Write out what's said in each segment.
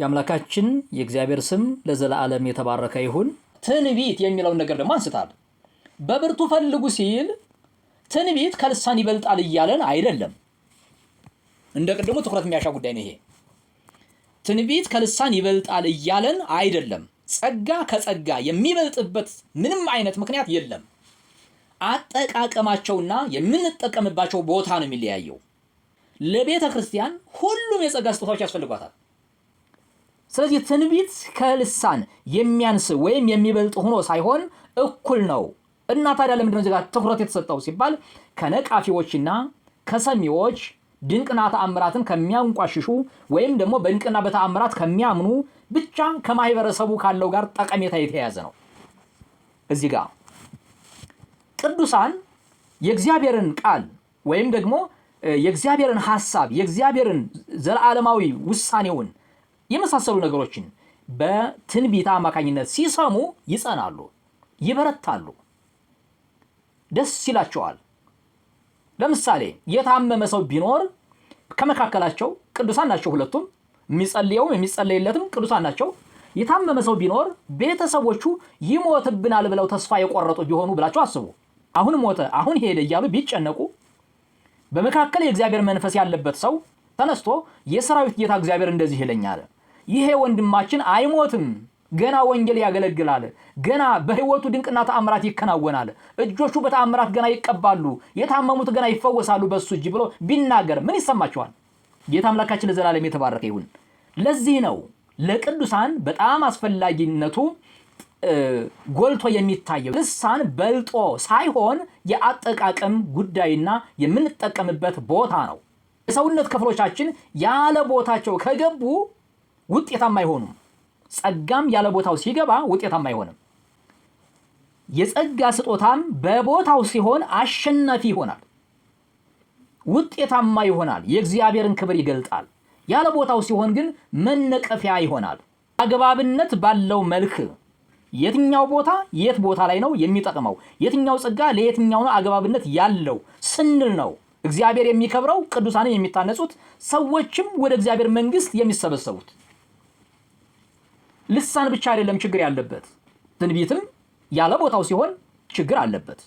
የአምላካችን የእግዚአብሔር ስም ለዘላለም የተባረከ ይሁን። ትንቢት የሚለውን ነገር ደግሞ አንስታል። በብርቱ ፈልጉ ሲል ትንቢት ከልሳን ይበልጣል እያለን አይደለም። እንደ ቅድሙ ትኩረት የሚያሻ ጉዳይ ነው ይሄ። ትንቢት ከልሳን ይበልጣል እያለን አይደለም። ጸጋ ከጸጋ የሚበልጥበት ምንም አይነት ምክንያት የለም። አጠቃቀማቸውና የምንጠቀምባቸው ቦታ ነው የሚለያየው። ለቤተ ክርስቲያን ሁሉም የጸጋ ስጦታዎች ያስፈልጓታል። ስለዚህ ትንቢት ከልሳን የሚያንስ ወይም የሚበልጥ ሆኖ ሳይሆን እኩል ነው እና ታዲያ ለምንድነው እዚህ ትኩረት የተሰጠው ሲባል ከነቃፊዎችና ከሰሚዎች ድንቅና ተአምራትን ከሚያንቋሽሹ ወይም ደግሞ በድንቅና በተአምራት ከሚያምኑ ብቻ ከማህበረሰቡ ካለው ጋር ጠቀሜታ የተያያዘ ነው። እዚህ ጋር ቅዱሳን የእግዚአብሔርን ቃል ወይም ደግሞ የእግዚአብሔርን ሐሳብ የእግዚአብሔርን ዘለዓለማዊ ውሳኔውን የመሳሰሉ ነገሮችን በትንቢት አማካኝነት ሲሰሙ ይጸናሉ፣ ይበረታሉ፣ ደስ ይላቸዋል። ለምሳሌ የታመመ ሰው ቢኖር ከመካከላቸው ቅዱሳን ናቸው። ሁለቱም የሚጸልየውም የሚጸለይለትም ቅዱሳን ናቸው። የታመመ ሰው ቢኖር ቤተሰቦቹ ይሞትብናል ብለው ተስፋ የቆረጡ ቢሆኑ ብላቸው አስቡ። አሁን ሞተ፣ አሁን ሄደ እያሉ ቢጨነቁ በመካከል የእግዚአብሔር መንፈስ ያለበት ሰው ተነስቶ የሰራዊት ጌታ እግዚአብሔር እንደዚህ ይለኛል ይሄ ወንድማችን አይሞትም። ገና ወንጌል ያገለግላል። ገና በህይወቱ ድንቅና ተአምራት ይከናወናል። እጆቹ በተአምራት ገና ይቀባሉ፣ የታመሙት ገና ይፈወሳሉ በሱ እጅ ብሎ ቢናገር ምን ይሰማቸዋል? ጌታ አምላካችን ለዘላለም የተባረከ ይሁን። ለዚህ ነው ለቅዱሳን በጣም አስፈላጊነቱ ጎልቶ የሚታየው ልሳን በልጦ ሳይሆን የአጠቃቀም ጉዳይና የምንጠቀምበት ቦታ ነው። የሰውነት ክፍሎቻችን ያለ ቦታቸው ከገቡ ውጤታማ አይሆኑም። ጸጋም ያለ ቦታው ሲገባ ውጤታማ አይሆንም። የጸጋ ስጦታም በቦታው ሲሆን አሸናፊ ይሆናል፣ ውጤታማ ይሆናል፣ የእግዚአብሔርን ክብር ይገልጣል። ያለ ቦታው ሲሆን ግን መነቀፊያ ይሆናል። አግባብነት ባለው መልክ የትኛው ቦታ የት ቦታ ላይ ነው የሚጠቅመው፣ የትኛው ጸጋ ለየትኛው ነው አግባብነት ያለው ስንል ነው እግዚአብሔር የሚከብረው፣ ቅዱሳንን የሚታነጹት፣ ሰዎችም ወደ እግዚአብሔር መንግስት የሚሰበሰቡት። ልሳን ብቻ አይደለም ችግር ያለበት፣ ትንቢትም ያለ ቦታው ሲሆን ችግር አለበት።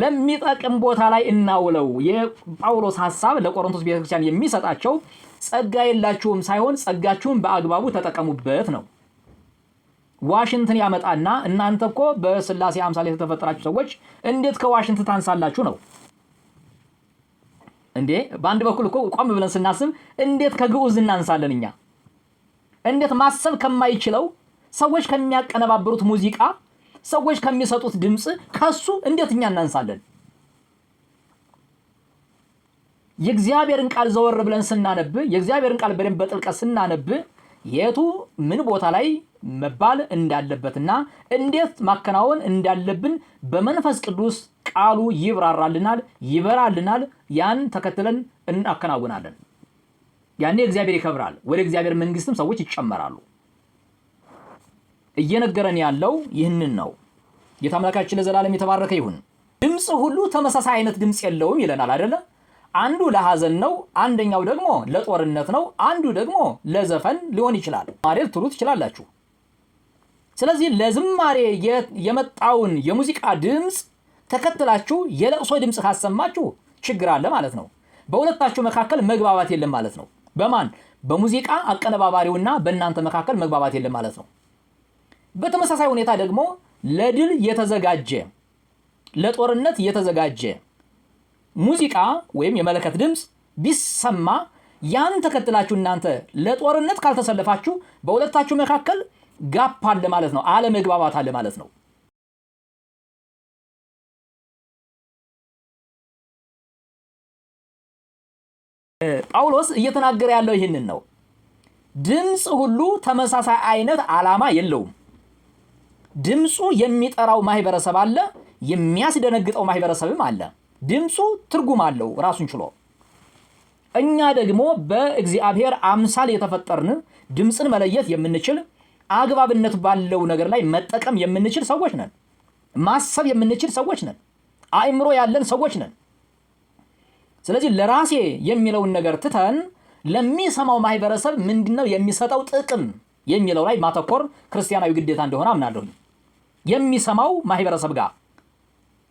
ለሚጠቅም ቦታ ላይ እናውለው። የጳውሎስ ሐሳብ ለቆሮንቶስ ቤተክርስቲያን የሚሰጣቸው ጸጋ የላችሁም ሳይሆን ጸጋችሁም በአግባቡ ተጠቀሙበት ነው። ዋሽንትን ያመጣና እናንተ እኮ በስላሴ አምሳል የተፈጠራችሁ ሰዎች እንዴት ከዋሽንት ታንሳላችሁ ነው እንዴ? በአንድ በኩል እኮ ቆም ብለን ስናስብ እንዴት ከግዑዝ እናንሳለን እኛ እንዴት ማሰብ ከማይችለው ሰዎች ከሚያቀነባብሩት ሙዚቃ ሰዎች ከሚሰጡት ድምፅ ከሱ እንዴት እኛ እናንሳለን? የእግዚአብሔርን ቃል ዘወር ብለን ስናነብ፣ የእግዚአብሔርን ቃል በደንብ በጥልቀት ስናነብ የቱ ምን ቦታ ላይ መባል እንዳለበትና እንዴት ማከናወን እንዳለብን በመንፈስ ቅዱስ ቃሉ ይብራራልናል፣ ይበራልናል። ያን ተከትለን እናከናውናለን። ያኔ እግዚአብሔር ይከብራል። ወደ እግዚአብሔር መንግስትም ሰዎች ይጨመራሉ። እየነገረን ያለው ይህንን ነው። ጌታ አምላካችን ለዘላለም የተባረከ ይሁን። ድምፅ ሁሉ ተመሳሳይ አይነት ድምፅ የለውም ይለናል አይደለ? አንዱ ለሐዘን ነው፣ አንደኛው ደግሞ ለጦርነት ነው፣ አንዱ ደግሞ ለዘፈን ሊሆን ይችላል። ማሬ ትሉ ትችላላችሁ። ስለዚህ ለዝማሬ የመጣውን የሙዚቃ ድምፅ ተከትላችሁ የለቅሶ ድምፅ ካሰማችሁ ችግር አለ ማለት ነው። በሁለታችሁ መካከል መግባባት የለም ማለት ነው። በማን በሙዚቃ አቀነባባሪውና በእናንተ መካከል መግባባት የለም ማለት ነው። በተመሳሳይ ሁኔታ ደግሞ ለድል የተዘጋጀ ለጦርነት የተዘጋጀ ሙዚቃ ወይም የመለከት ድምፅ ቢሰማ ያን ተከትላችሁ እናንተ ለጦርነት ካልተሰለፋችሁ በሁለታችሁ መካከል ጋፕ አለ ማለት ነው። አለመግባባት አለ ማለት ነው። ጳውሎስ እየተናገረ ያለው ይህንን ነው። ድምፅ ሁሉ ተመሳሳይ አይነት ዓላማ የለውም። ድምፁ የሚጠራው ማህበረሰብ አለ፣ የሚያስደነግጠው ማህበረሰብም አለ። ድምፁ ትርጉም አለው ራሱን ችሎ። እኛ ደግሞ በእግዚአብሔር አምሳል የተፈጠርን ድምፅን መለየት የምንችል አግባብነት ባለው ነገር ላይ መጠቀም የምንችል ሰዎች ነን። ማሰብ የምንችል ሰዎች ነን። አእምሮ ያለን ሰዎች ነን። ስለዚህ ለራሴ የሚለውን ነገር ትተን ለሚሰማው ማህበረሰብ ምንድነው የሚሰጠው ጥቅም የሚለው ላይ ማተኮር ክርስቲያናዊ ግዴታ እንደሆነ አምናለሁኝ። የሚሰማው ማህበረሰብ ጋር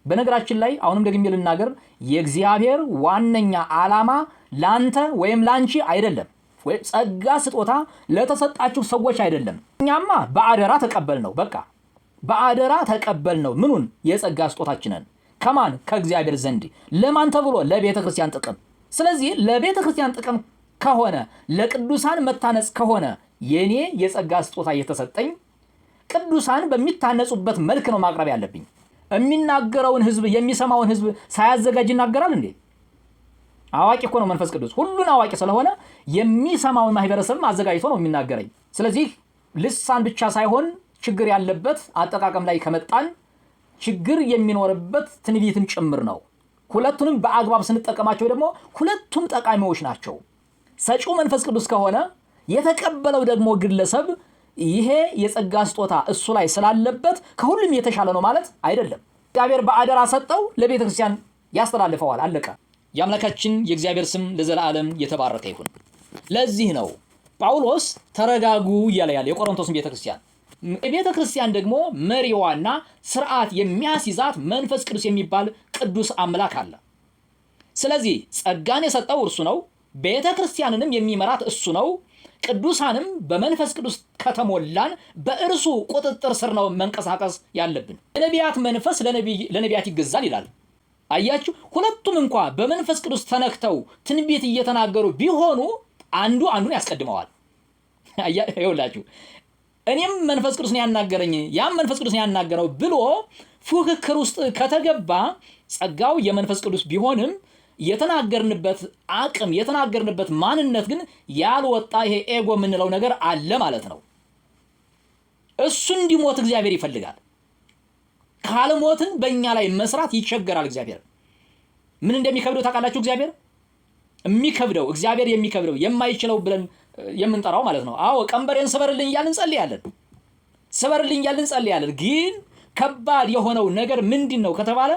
በነገራችን ላይ አሁንም ደግሜ ልናገር፣ የእግዚአብሔር ዋነኛ ዓላማ ላንተ ወይም ላንቺ አይደለም። ጸጋ ስጦታ ለተሰጣችሁ ሰዎች አይደለም። እኛማ በአደራ ተቀበል ነው፣ በቃ በአደራ ተቀበል ነው። ምኑን የጸጋ ስጦታችንን ከማን ከእግዚአብሔር ዘንድ ለማን ተብሎ ለቤተ ክርስቲያን ጥቅም ስለዚህ ለቤተ ክርስቲያን ጥቅም ከሆነ ለቅዱሳን መታነጽ ከሆነ የእኔ የጸጋ ስጦታ እየተሰጠኝ ቅዱሳን በሚታነጹበት መልክ ነው ማቅረብ ያለብኝ የሚናገረውን ህዝብ የሚሰማውን ህዝብ ሳያዘጋጅ ይናገራል እንዴ አዋቂ እኮ ነው መንፈስ ቅዱስ ሁሉን አዋቂ ስለሆነ የሚሰማውን ማህበረሰብም አዘጋጅቶ ነው የሚናገረኝ ስለዚህ ልሳን ብቻ ሳይሆን ችግር ያለበት አጠቃቀም ላይ ከመጣን ችግር የሚኖርበት ትንቢትም ጭምር ነው። ሁለቱንም በአግባብ ስንጠቀማቸው ደግሞ ሁለቱም ጠቃሚዎች ናቸው። ሰጪው መንፈስ ቅዱስ ከሆነ የተቀበለው ደግሞ ግለሰብ ይሄ የጸጋ ስጦታ እሱ ላይ ስላለበት ከሁሉም የተሻለ ነው ማለት አይደለም። እግዚአብሔር በአደራ ሰጠው፣ ለቤተ ክርስቲያን ያስተላልፈዋል። አለቀ። የአምላካችን የእግዚአብሔር ስም ለዘላለም የተባረከ ይሁን። ለዚህ ነው ጳውሎስ ተረጋጉ እያለ ያለ የቆሮንቶስን ቤተ ክርስቲያን የቤተ ክርስቲያን ደግሞ መሪዋና ስርዓት የሚያስይዛት መንፈስ ቅዱስ የሚባል ቅዱስ አምላክ አለ። ስለዚህ ጸጋን የሰጠው እርሱ ነው። ቤተ ክርስቲያንንም የሚመራት እሱ ነው። ቅዱሳንም በመንፈስ ቅዱስ ከተሞላን በእርሱ ቁጥጥር ስር ነው መንቀሳቀስ ያለብን። የነቢያት መንፈስ ለነቢያት ይገዛል ይላል። አያችሁ፣ ሁለቱም እንኳ በመንፈስ ቅዱስ ተነክተው ትንቢት እየተናገሩ ቢሆኑ አንዱ አንዱን ያስቀድመዋል። ይኸውላችሁ እኔም መንፈስ ቅዱስ ነው ያናገረኝ ያም መንፈስ ቅዱስ ነው ያናገረው ብሎ ፉክክር ውስጥ ከተገባ ጸጋው የመንፈስ ቅዱስ ቢሆንም የተናገርንበት አቅም የተናገርንበት ማንነት ግን ያልወጣ ይሄ ኤጎ የምንለው ነገር አለ ማለት ነው። እሱ እንዲሞት እግዚአብሔር ይፈልጋል። ካልሞትን በእኛ ላይ መስራት ይቸገራል። እግዚአብሔር ምን እንደሚከብደው ታውቃላችሁ? እግዚአብሔር የሚከብደው እግዚአብሔር የሚከብደው የማይችለው ብለን የምንጠራው ማለት ነው። አዎ ቀንበሬን ስበርልኝ እያልን እንጸልያለን፣ ስበርልኝ እያልን እንጸልያለን። ግን ከባድ የሆነው ነገር ምንድን ነው ከተባለ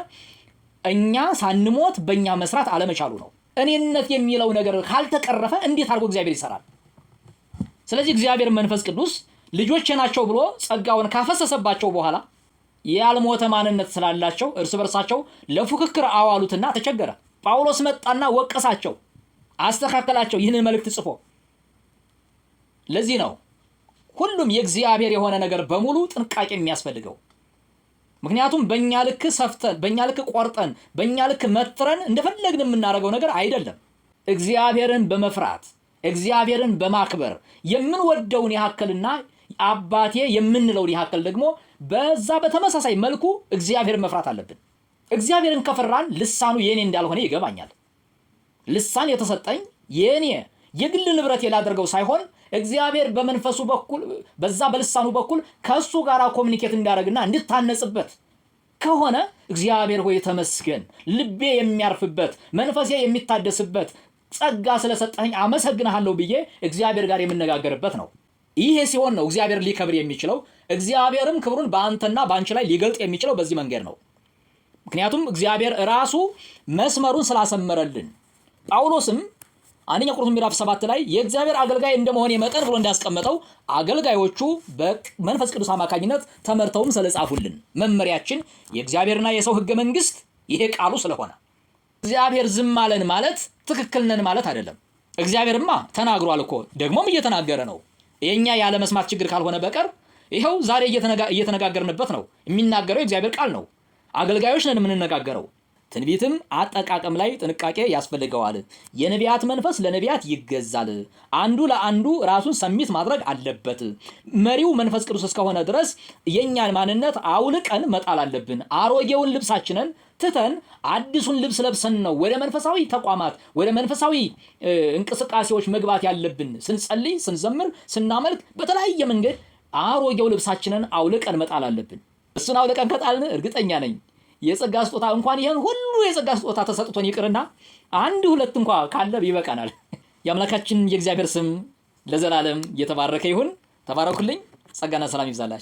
እኛ ሳንሞት በእኛ መስራት አለመቻሉ ነው። እኔነት የሚለው ነገር ካልተቀረፈ እንዴት አድርጎ እግዚአብሔር ይሰራል? ስለዚህ እግዚአብሔር መንፈስ ቅዱስ ልጆቼ ናቸው ብሎ ጸጋውን ካፈሰሰባቸው በኋላ ያልሞተ ማንነት ስላላቸው እርስ በርሳቸው ለፉክክር አዋሉትና ተቸገረ። ጳውሎስ መጣና ወቀሳቸው፣ አስተካከላቸው ይህንን መልእክት ጽፎ ለዚህ ነው ሁሉም የእግዚአብሔር የሆነ ነገር በሙሉ ጥንቃቄ የሚያስፈልገው። ምክንያቱም በእኛ ልክ ሰፍተን፣ በእኛ ልክ ቆርጠን፣ በእኛ ልክ መትረን እንደፈለግን የምናደርገው ነገር አይደለም። እግዚአብሔርን በመፍራት እግዚአብሔርን በማክበር የምንወደውን ያክልና አባቴ የምንለውን ያክል ደግሞ በዛ በተመሳሳይ መልኩ እግዚአብሔርን መፍራት አለብን። እግዚአብሔርን ከፈራን ልሳኑ የኔ እንዳልሆነ ይገባኛል። ልሳን የተሰጠኝ የኔ የግል ንብረት ላደርገው ሳይሆን እግዚአብሔር በመንፈሱ በኩል በዛ በልሳኑ በኩል ከእሱ ጋር ኮሚኒኬት እንዲያደርግና እንድታነጽበት ከሆነ እግዚአብሔር ሆይ ተመስገን፣ ልቤ የሚያርፍበት መንፈሴ የሚታደስበት ጸጋ ስለሰጠኝ አመሰግንሃለሁ ብዬ እግዚአብሔር ጋር የምነጋገርበት ነው። ይሄ ሲሆን ነው እግዚአብሔር ሊከብር የሚችለው። እግዚአብሔርም ክብሩን በአንተና በአንቺ ላይ ሊገልጥ የሚችለው በዚህ መንገድ ነው። ምክንያቱም እግዚአብሔር ራሱ መስመሩን ስላሰመረልን ጳውሎስም አንደኛ ቆሮንቶስ ምዕራፍ ሰባት ላይ የእግዚአብሔር አገልጋይ እንደመሆን መጠን ብሎ እንዳስቀመጠው አገልጋዮቹ በመንፈስ ቅዱስ አማካኝነት ተመርተውም ስለጻፉልን መመሪያችን የእግዚአብሔርና የሰው ህገ መንግስት ይሄ ቃሉ ስለሆነ እግዚአብሔር ዝም አለን ማለት ትክክል ነን ማለት አይደለም። እግዚአብሔርማ ተናግሯል እኮ ደግሞም እየተናገረ ነው። የእኛ ያለ መስማት ችግር ካልሆነ በቀር ይኸው ዛሬ እየተነጋገርንበት ነው። የሚናገረው የእግዚአብሔር ቃል ነው። አገልጋዮች ነን የምንነጋገረው። ትንቢትም አጠቃቀም ላይ ጥንቃቄ ያስፈልገዋል። የነቢያት መንፈስ ለነቢያት ይገዛል። አንዱ ለአንዱ ራሱን ሰሚት ማድረግ አለበት። መሪው መንፈስ ቅዱስ እስከሆነ ድረስ የእኛን ማንነት አውልቀን መጣል አለብን። አሮጌውን ልብሳችንን ትተን አዲሱን ልብስ ለብሰን ነው ወደ መንፈሳዊ ተቋማት ወደ መንፈሳዊ እንቅስቃሴዎች መግባት ያለብን። ስንጸልይ፣ ስንዘምር፣ ስናመልክ በተለያየ መንገድ አሮጌው ልብሳችንን አውልቀን መጣል አለብን። እሱን አውልቀን ከጣልን እርግጠኛ ነኝ የጸጋ ስጦታ እንኳን ይህን ሁሉ የጸጋ ስጦታ ተሰጥቶን ይቅርና አንድ ሁለት እንኳ ካለ ይበቃናል። የአምላካችን የእግዚአብሔር ስም ለዘላለም እየተባረከ ይሁን። ተባረኩልኝ። ጸጋና ሰላም ይብዛላችሁ።